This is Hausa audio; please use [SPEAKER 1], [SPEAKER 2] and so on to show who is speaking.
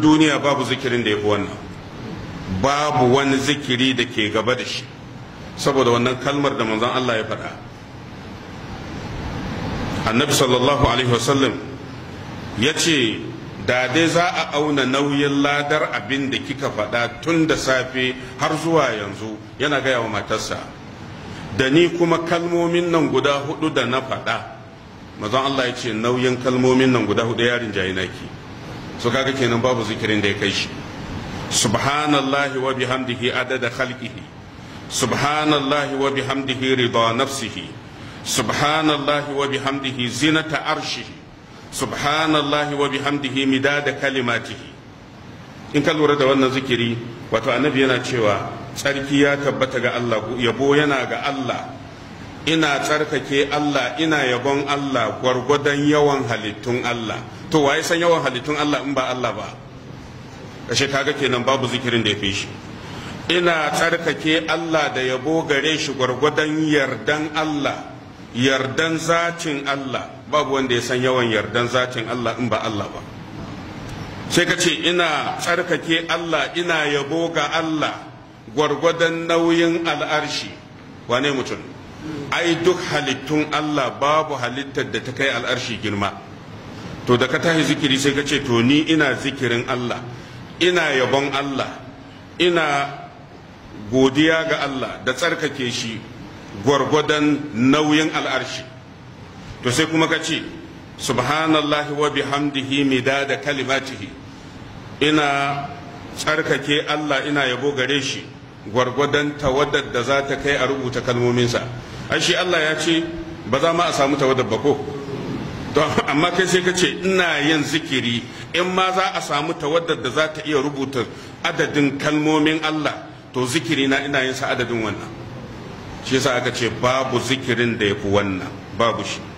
[SPEAKER 1] duniya babu zikirin da ya fi wannan babu wani zikiri da ke gaba da shi saboda wannan kalmar da manzon Allah ya faɗa annabi sallallahu alaihi wasallam ya ce da dai za a auna nauyin ladar abin da kika faɗa tun da safe har zuwa yanzu yana gaya wa matarsa da ni kuma kalmomin nan guda hudu da na faɗa mazan Allah ya ce nauyin kalmomin nan guda hudu yarin jayi naki so kaga kenan babu zikirin da ya kai shi subhanallahi wa bihamdihi adada khalqihi subhanallahi wa bihamdihi rida nafsihi subhanallahi wa bihamdihi zinata arshihi subhanallahi wa bihamdihi midada kalimatihi in ka lura da wannan zikiri wato annabi yana cewa tsarki ya tabbata ga Allah yabo yana ga Allah ina tsarkake Allah ina yabon Allah gwargwadon yawan halittun Allah to wa ya san yawan halittun Allah in ba Allah ba ashe kaga kenan babu zikirin da ya fi shi ina tsarkake Allah da yabo gare shi gwargwadon yardan Allah yardan zacin Allah babu wanda ya san yawan yardan zacin Allah in ba Allah ba sai ka ce ina tsarkake Allah ina yabo ga Allah gwargwadon nauyin al'arshi wane mutum ai duk halittun Allah babu halittar da ta kai al'arshi girma to da ka tahi zikiri sai ka ce to ni ina zikirin Allah ina yabon Allah ina godiya ga Allah da tsarkake shi gwargwadon nauyin al'arshi to sai kuma ka ce subhanallahi wa bihamdihi midada kalimatihi ina tsarkake Allah ina yabo gare shi gwargwadon tawadar da za ta kai a rubuta kalmominsa ai shi Allah ya ce ba za ma a samu tawadar ba ko don amma kai sai ka ce ina yin zikiri in ma za a samu tawaddar da za ta iya rubuta adadin kalmomin Allah to zikiri na ina yin sa adadin wannan shi yasa aka ce babu zikirin da ya fi wannan babu shi